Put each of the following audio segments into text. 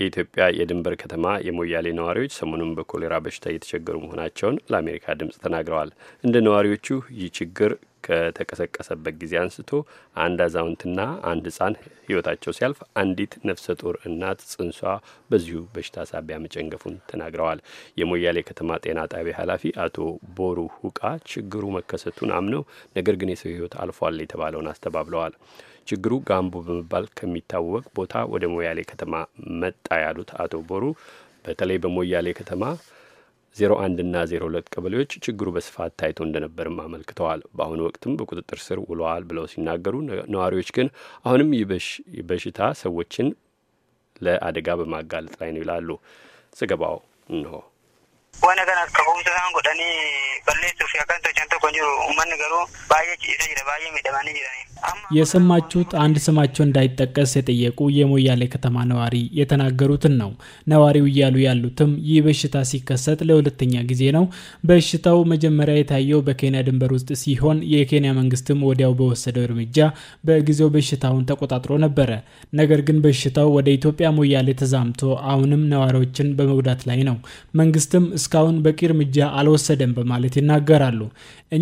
የኢትዮጵያ የድንበር ከተማ የሞያሌ ነዋሪዎች ሰሞኑን በኮሌራ በሽታ እየተቸገሩ መሆናቸውን ለአሜሪካ ድምፅ ተናግረዋል። እንደ ነዋሪዎቹ ይህ ችግር ከተቀሰቀሰበት ጊዜ አንስቶ አንድ አዛውንትና አንድ ህጻን ህይወታቸው ሲያልፍ አንዲት ነፍሰ ጡር እናት ጽንሷ በዚሁ በሽታ ሳቢያ መጨንገፉን ተናግረዋል። የሞያሌ ከተማ ጤና ጣቢያ ኃላፊ አቶ ቦሩ ሁቃ ችግሩ መከሰቱን አምነው ነገር ግን የሰው ህይወት አልፏል የተባለውን አስተባብለዋል። ችግሩ ጋምቦ በመባል ከሚታወቅ ቦታ ወደ ሞያሌ ከተማ መጣ ያሉት አቶ ቦሩ በተለይ በሞያሌ ከተማ 01 ና 02 ቀበሌዎች ችግሩ በስፋት ታይቶ እንደነበርም አመልክተዋል። በአሁኑ ወቅትም በቁጥጥር ስር ውለዋል ብለው ሲናገሩ፣ ነዋሪዎች ግን አሁንም በሽታ ሰዎችን ለአደጋ በማጋለጥ ላይ ነው ይላሉ። ዘገባው እንሆ የሰማችሁት አንድ ስማቸው እንዳይጠቀስ የጠየቁ የሞያሌ ከተማ ነዋሪ የተናገሩትን ነው። ነዋሪው እያሉ ያሉትም ይህ በሽታ ሲከሰት ለሁለተኛ ጊዜ ነው። በሽታው መጀመሪያ የታየው በኬንያ ድንበር ውስጥ ሲሆን የኬንያ መንግስትም ወዲያው በወሰደው እርምጃ በጊዜው በሽታውን ተቆጣጥሮ ነበረ። ነገር ግን በሽታው ወደ ኢትዮጵያ ሞያሌ ተዛምቶ አሁንም ነዋሪዎችን በመጉዳት ላይ ነው። መንግስትም እስካሁን በቂ እርምጃ አልወሰደም በማለት ይናገራሉ።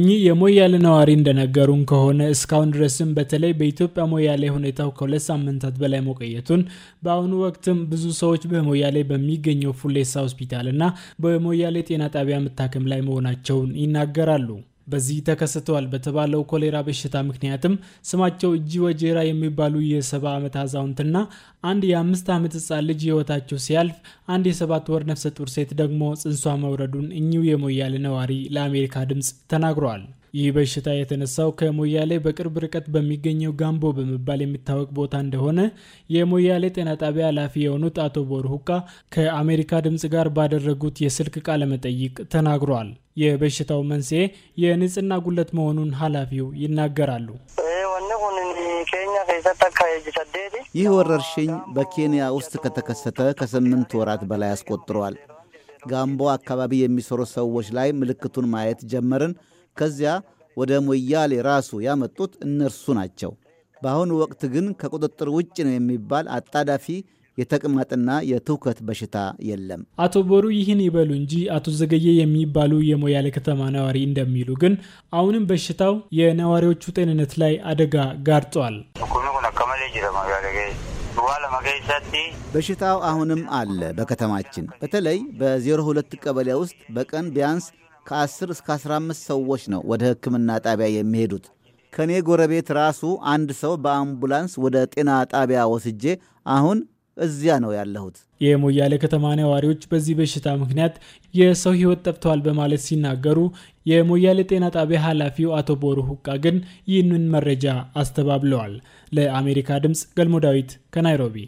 እኚህ የሞያሌ ነዋሪ እንደነገሩን ከሆነ እስካሁን ድረስም በተለይ በኢትዮጵያ ሞያሌ ሁኔታው ከሁለት ሳምንታት በላይ መቆየቱን በአሁኑ ወቅትም ብዙ ሰዎች በሞያሌ በሚገኘው ፉሌሳ ሆስፒታልና በሞያሌ ጤና ጣቢያ መታከም ላይ መሆናቸውን ይናገራሉ። በዚህ ተከስተዋል በተባለው ኮሌራ በሽታ ምክንያትም ስማቸው እጅ ወጀራ የሚባሉ የሰባ ዓመት አዛውንትና አንድ የአምስት ዓመት ህፃን ልጅ ህይወታቸው ሲያልፍ አንድ የሰባት ወር ነፍሰ ጡር ሴት ደግሞ ጽንሷ መውረዱን እኚሁ የሞያሌ ነዋሪ ለአሜሪካ ድምፅ ተናግረዋል። ይህ በሽታ የተነሳው ከሞያሌ በቅርብ ርቀት በሚገኘው ጋምቦ በመባል የሚታወቅ ቦታ እንደሆነ የሞያሌ ጤና ጣቢያ ኃላፊ የሆኑት አቶ ቦርሁቃ ከአሜሪካ ድምፅ ጋር ባደረጉት የስልክ ቃለመጠይቅ ተናግረዋል። የበሽታው መንስኤ የንጽህና ጉለት መሆኑን ኃላፊው ይናገራሉ። ይህ ወረርሽኝ በኬንያ ውስጥ ከተከሰተ ከስምንት ወራት በላይ አስቆጥሯል። ጋምቦ አካባቢ የሚሰሩ ሰዎች ላይ ምልክቱን ማየት ጀመርን። ከዚያ ወደ ሞያሌ ራሱ ያመጡት እነርሱ ናቸው። በአሁኑ ወቅት ግን ከቁጥጥር ውጭ ነው የሚባል አጣዳፊ የተቅማጥና የትውከት በሽታ የለም። አቶ ቦሩ ይህን ይበሉ እንጂ አቶ ዘገየ የሚባሉ የሞያሌ ከተማ ነዋሪ እንደሚሉ ግን አሁንም በሽታው የነዋሪዎቹ ጤንነት ላይ አደጋ ጋርጧል። በሽታው አሁንም አለ። በከተማችን በተለይ በ02 ቀበሌ ውስጥ በቀን ቢያንስ ከ10 እስከ 15 ሰዎች ነው ወደ ሕክምና ጣቢያ የሚሄዱት። ከእኔ ጎረቤት ራሱ አንድ ሰው በአምቡላንስ ወደ ጤና ጣቢያ ወስጄ አሁን እዚያ ነው ያለሁት። የሞያሌ ከተማ ነዋሪዎች በዚህ በሽታ ምክንያት የሰው ሕይወት ጠፍተዋል በማለት ሲናገሩ የሞያሌ ጤና ጣቢያ ኃላፊው አቶ ቦሩ ሁቃ ግን ይህንን መረጃ አስተባብለዋል። ለአሜሪካ ድምፅ ገልሞ ዳዊት ከናይሮቢ